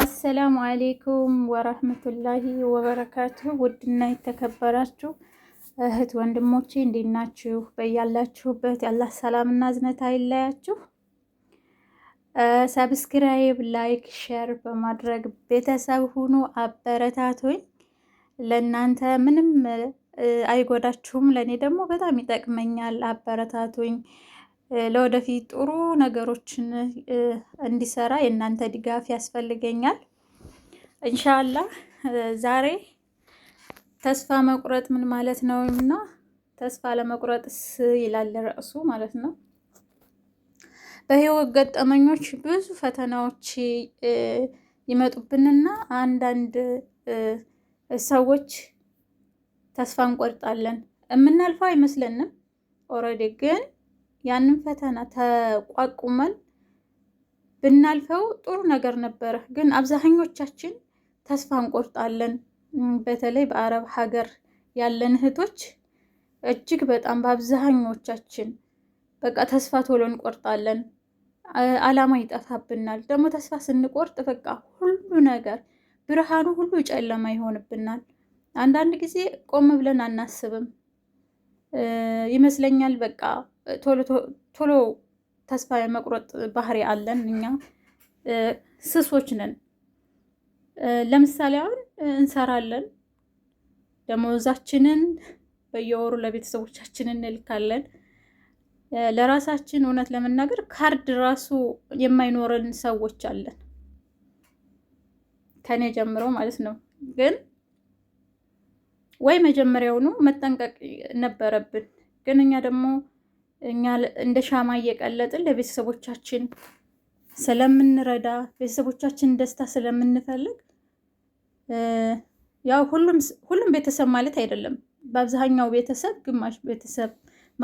አሰላሙ አሌይኩም ወረህመቱላሂ ወበረካቱሁ። ውድና የተከበራችሁ እህት ወንድሞቼ እንዴት ናችሁ? በያላችሁበት ያላህ ሰላምና እዝነት አይለያችሁ። ሰብስክራይብ፣ ላይክ፣ ሼር በማድረግ ቤተሰብ ሁኑ፣ አበረታቶኝ ለእናንተ ምንም አይጎዳችሁም፣ ለእኔ ደግሞ በጣም ይጠቅመኛል። አበረታቶኝ ለወደፊት ጥሩ ነገሮችን እንዲሰራ የእናንተ ድጋፍ ያስፈልገኛል። እንሻላ ዛሬ ተስፋ መቁረጥ ምን ማለት ነው እና ተስፋ ለመቁረጥስ ይላል ርዕሱ ማለት ነው። በህይወት ገጠመኞች ብዙ ፈተናዎች ይመጡብንና አንዳንድ ሰዎች ተስፋ እንቆርጣለን። የምናልፈው አይመስለንም። ኦልሬዲ ግን ያንን ፈተና ተቋቁመን ብናልፈው ጥሩ ነገር ነበረ። ግን አብዛኞቻችን ተስፋ እንቆርጣለን። በተለይ በአረብ ሀገር ያለን እህቶች እጅግ በጣም በአብዛኞቻችን በቃ ተስፋ ቶሎ እንቆርጣለን። አላማ ይጠፋብናል። ደግሞ ተስፋ ስንቆርጥ በቃ ሁሉ ነገር ብርሃኑ ሁሉ ጨለማ ይሆንብናል። አንዳንድ ጊዜ ቆም ብለን አናስብም ይመስለኛል በቃ ቶሎ ተስፋ የመቁረጥ ባህሪ አለን እኛ ስሶች ነን። ለምሳሌ አሁን እንሰራለን፣ ደሞዛችንን በየወሩ ለቤተሰቦቻችን እንልካለን። ለራሳችን እውነት ለመናገር ካርድ ራሱ የማይኖረን ሰዎች አለን፣ ከኔ ጀምሮ ማለት ነው። ግን ወይ መጀመሪያውኑ መጠንቀቅ ነበረብን። ግን እኛ ደግሞ እኛ እንደ ሻማ እየቀለጥን ለቤተሰቦቻችን ስለምንረዳ ቤተሰቦቻችን ደስታ ስለምንፈልግ ያው ሁሉም ቤተሰብ ማለት አይደለም። በአብዛኛው ቤተሰብ ግማሽ ቤተሰብ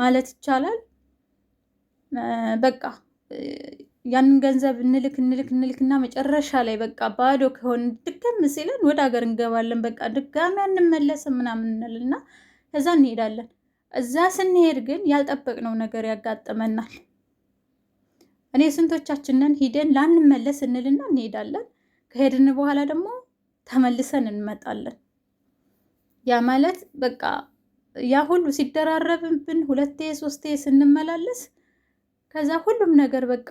ማለት ይቻላል። በቃ ያንን ገንዘብ እንልክ እንልክ እንልክ እና መጨረሻ ላይ በቃ ባዶ ከሆን ድክም ሲለን ወደ ሀገር እንገባለን። በቃ ድጋሚ አንመለስም ምናምን እንልና ከዛ እንሄዳለን። እዛ ስንሄድ ግን ያልጠበቅነው ነገር ያጋጥመናል። እኔ ስንቶቻችንን ሂደን ላንመለስ እንልና እንሄዳለን። ከሄድን በኋላ ደግሞ ተመልሰን እንመጣለን። ያ ማለት በቃ ያ ሁሉ ሲደራረብብን ሁለቴ ሶስቴ ስንመላለስ ከዛ ሁሉም ነገር በቃ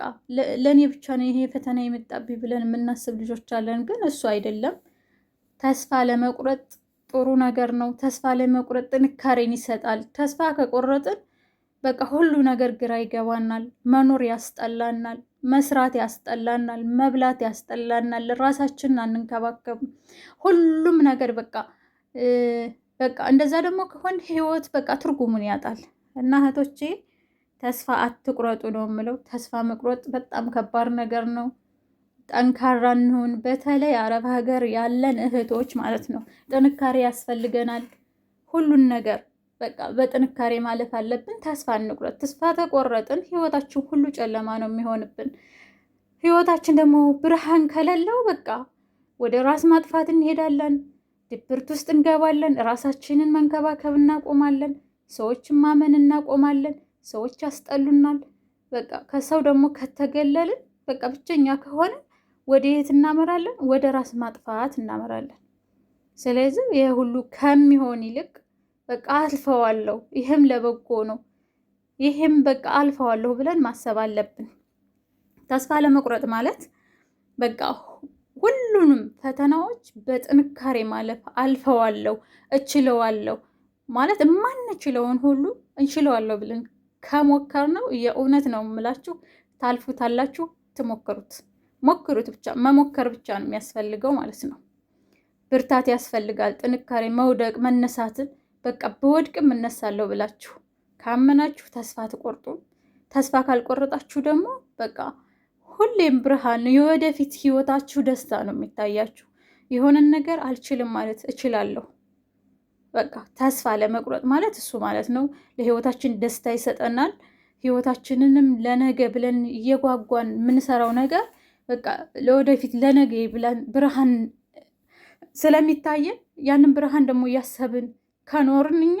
ለእኔ ብቻ ነው ይሄ ፈተና የመጣብኝ ብለን የምናስብ ልጆች አለን። ግን እሱ አይደለም። ተስፋ ለመቁረጥ ጥሩ ነገር ነው። ተስፋ ለመቁረጥ ጥንካሬን ይሰጣል። ተስፋ ከቆረጥን በቃ ሁሉ ነገር ግራ ይገባናል። መኖር ያስጠላናል፣ መስራት ያስጠላናል፣ መብላት ያስጠላናል፣ ራሳችንን አንንከባከብም። ሁሉም ነገር በቃ በቃ እንደዛ ደግሞ ከሆነ ህይወት በቃ ትርጉሙን ያጣል። እና እህቶቼ ተስፋ አትቁረጡ ነው የምለው። ተስፋ መቁረጥ በጣም ከባድ ነገር ነው። ጠንካራ እንሁን። በተለይ አረብ ሀገር ያለን እህቶች ማለት ነው ጥንካሬ ያስፈልገናል። ሁሉን ነገር በቃ በጥንካሬ ማለፍ አለብን። ተስፋ እንቁረጥ። ተስፋ ተቆረጥን ህይወታችን ሁሉ ጨለማ ነው የሚሆንብን። ህይወታችን ደግሞ ብርሃን ከሌለው በቃ ወደ ራስ ማጥፋት እንሄዳለን፣ ድብርት ውስጥ እንገባለን። ራሳችንን መንከባከብ እናቆማለን፣ ሰዎችን ማመን እናቆማለን። ሰዎች ያስጠሉናል። በቃ ከሰው ደግሞ ከተገለልን በቃ ብቸኛ ከሆነ ወደ የት እናመራለን? ወደ ራስ ማጥፋት እናመራለን። ስለዚህ ይህ ሁሉ ከሚሆን ይልቅ በቃ አልፈዋለሁ፣ ይህም ለበጎ ነው፣ ይህም በቃ አልፈዋለሁ ብለን ማሰብ አለብን። ተስፋ ለመቁረጥ ማለት በቃ ሁሉንም ፈተናዎች በጥንካሬ ማለፍ አልፈዋለሁ፣ እችለዋለሁ ማለት የማንችለውን ሁሉ እንችለዋለሁ ብለን ከሞከር ነው። የእውነት ነው የምላችሁ ታልፉታላችሁ፣ ትሞክሩት። ሞክሩት። ብቻ መሞከር ብቻ ነው የሚያስፈልገው ማለት ነው። ብርታት ያስፈልጋል፣ ጥንካሬ፣ መውደቅ፣ መነሳትን በቃ በወድቅም እነሳለሁ ብላችሁ ካመናችሁ ተስፋ ትቆርጡ። ተስፋ ካልቆረጣችሁ ደግሞ በቃ ሁሌም ብርሃን የወደፊት ህይወታችሁ ደስታ ነው የሚታያችሁ። የሆነን ነገር አልችልም ማለት እችላለሁ። በቃ ተስፋ ለመቁረጥ ማለት እሱ ማለት ነው። ለህይወታችን ደስታ ይሰጠናል። ህይወታችንንም ለነገ ብለን እየጓጓን የምንሰራው ነገር በቃ ለወደፊት ለነገ ብለን ብርሃን ስለሚታየን ያንን ብርሃን ደግሞ እያሰብን ከኖርን እኛ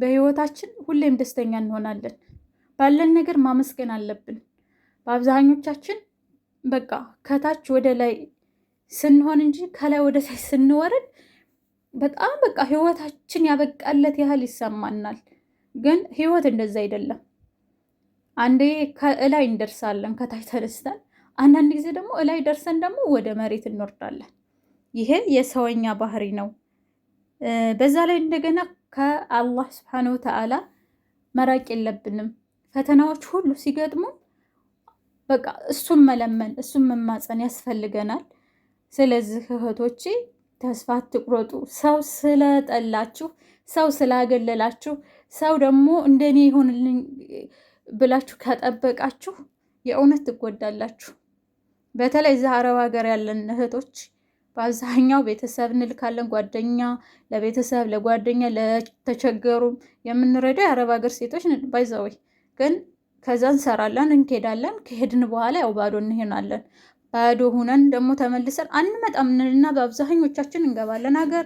በህይወታችን ሁሌም ደስተኛ እንሆናለን። ባለን ነገር ማመስገን አለብን። በአብዛኞቻችን በቃ ከታች ወደ ላይ ስንሆን እንጂ ከላይ ወደ ታች ስንወርድ በጣም በቃ ህይወታችን ያበቃለት ያህል ይሰማናል። ግን ህይወት እንደዛ አይደለም። አንዴ ከእላይ እንደርሳለን ከታች ተነስተን አንዳንድ ጊዜ ደግሞ እላይ ደርሰን ደግሞ ወደ መሬት እንወርዳለን። ይሄ የሰውኛ ባህሪ ነው። በዛ ላይ እንደገና ከአላህ ስብሓነ ወተዓላ መራቅ የለብንም። ፈተናዎች ሁሉ ሲገጥሙ በቃ እሱን መለመን እሱን መማፀን ያስፈልገናል። ስለዚህ እህቶቼ ተስፋ አትቁረጡ። ሰው ስለጠላችሁ፣ ሰው ስላገለላችሁ፣ ሰው ደግሞ እንደኔ ይሆንልኝ ብላችሁ ከጠበቃችሁ የእውነት ትጎዳላችሁ። በተለይ እዚህ አረብ ሀገር ያለን እህቶች በአብዛኛው ቤተሰብ እንልካለን። ጓደኛ ለቤተሰብ ለጓደኛ ለተቸገሩ የምንረዳው የአረብ ሀገር ሴቶች ባይዘወይ ግን ከዛ እንሰራለን እንሄዳለን። ከሄድን በኋላ ያው ባዶ እንሄናለን። ባዶ ሁነን ደግሞ ተመልሰን አንመጣም እና በአብዛኞቻችን እንገባለን ሀገር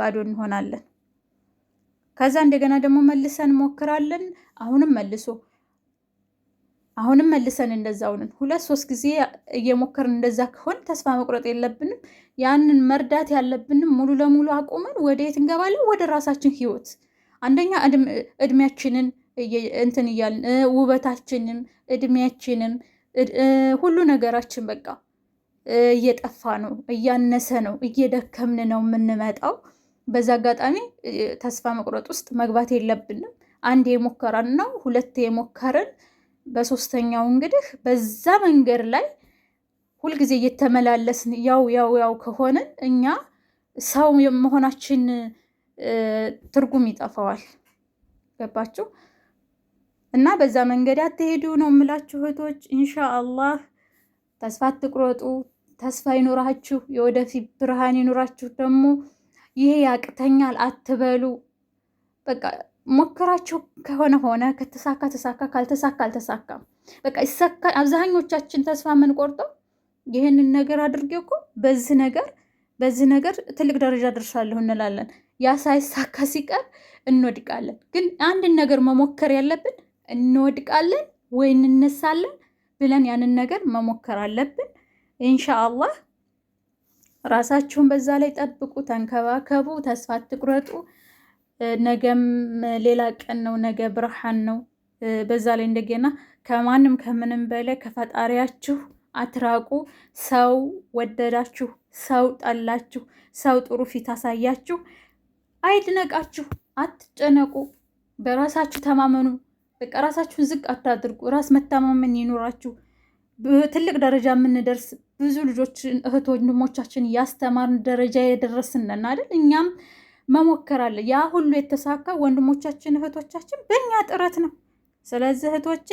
ባዶ እንሆናለን። ከዛ እንደገና ደግሞ መልሰን እንሞክራለን። አሁንም መልሶ አሁንም መልሰን እንደዛው ነን። ሁለት ሶስት ጊዜ እየሞከርን እንደዛ ከሆን ተስፋ መቁረጥ የለብንም። ያንን መርዳት ያለብንም ሙሉ ለሙሉ አቁመን ወደ የት እንገባለን? ወደ ራሳችን ህይወት አንደኛ እድሜያችንን እንትን እያልን ውበታችንም እድሜያችንም ሁሉ ነገራችን በቃ እየጠፋ ነው፣ እያነሰ ነው፣ እየደከምን ነው የምንመጣው። በዛ አጋጣሚ ተስፋ መቁረጥ ውስጥ መግባት የለብንም። አንድ የሞከረን ነው ሁለት የሞከርን በሶስተኛው እንግዲህ በዛ መንገድ ላይ ሁልጊዜ እየተመላለስን ያው ያው ያው ከሆንን እኛ ሰው መሆናችን ትርጉም ይጠፋዋል። ገባችሁ? እና በዛ መንገድ አትሄዱ ነው የምላችሁ እህቶች። ኢንሻአላህ ተስፋ አትቁረጡ። ተስፋ ይኖራችሁ፣ የወደፊት ብርሃን ይኖራችሁ። ደግሞ ይሄ ያቅተኛል አትበሉ በቃ ሞከራቸው ከሆነ ሆነ፣ ከተሳካ ተሳካ፣ ካልተሳካ አልተሳካም። በቃ ይሳካ። አብዛኞቻችን ተስፋ የምንቆርጠው ይህንን ነገር አድርጌ እኮ በዚህ ነገር በዚህ ነገር ትልቅ ደረጃ ደርሻለሁ እንላለን። ያ ሳይሳካ ሲቀር እንወድቃለን። ግን አንድን ነገር መሞከር ያለብን እንወድቃለን ወይ እንነሳለን ብለን ያንን ነገር መሞከር አለብን። ኢንሻአላህ ራሳችሁን በዛ ላይ ጠብቁ፣ ተንከባከቡ፣ ተስፋ አትቁረጡ። ነገም ሌላ ቀን ነው። ነገ ብርሃን ነው። በዛ ላይ እንደገና ከማንም ከምንም በላይ ከፈጣሪያችሁ አትራቁ። ሰው ወደዳችሁ፣ ሰው ጠላችሁ፣ ሰው ጥሩ ፊት አሳያችሁ፣ አይድነቃችሁ፣ አትጨነቁ፣ በራሳችሁ ተማመኑ። በቃ ራሳችሁን ዝቅ አታድርጉ። ራስ መተማመን ይኖራችሁ። ትልቅ ደረጃ የምንደርስ ብዙ ልጆች እህት ወንድሞቻችን ያስተማርን ደረጃ የደረስን ነን አይደል እኛም መሞከር አለ። ያ ሁሉ የተሳካ ወንድሞቻችን እህቶቻችን በእኛ ጥረት ነው። ስለዚህ እህቶቼ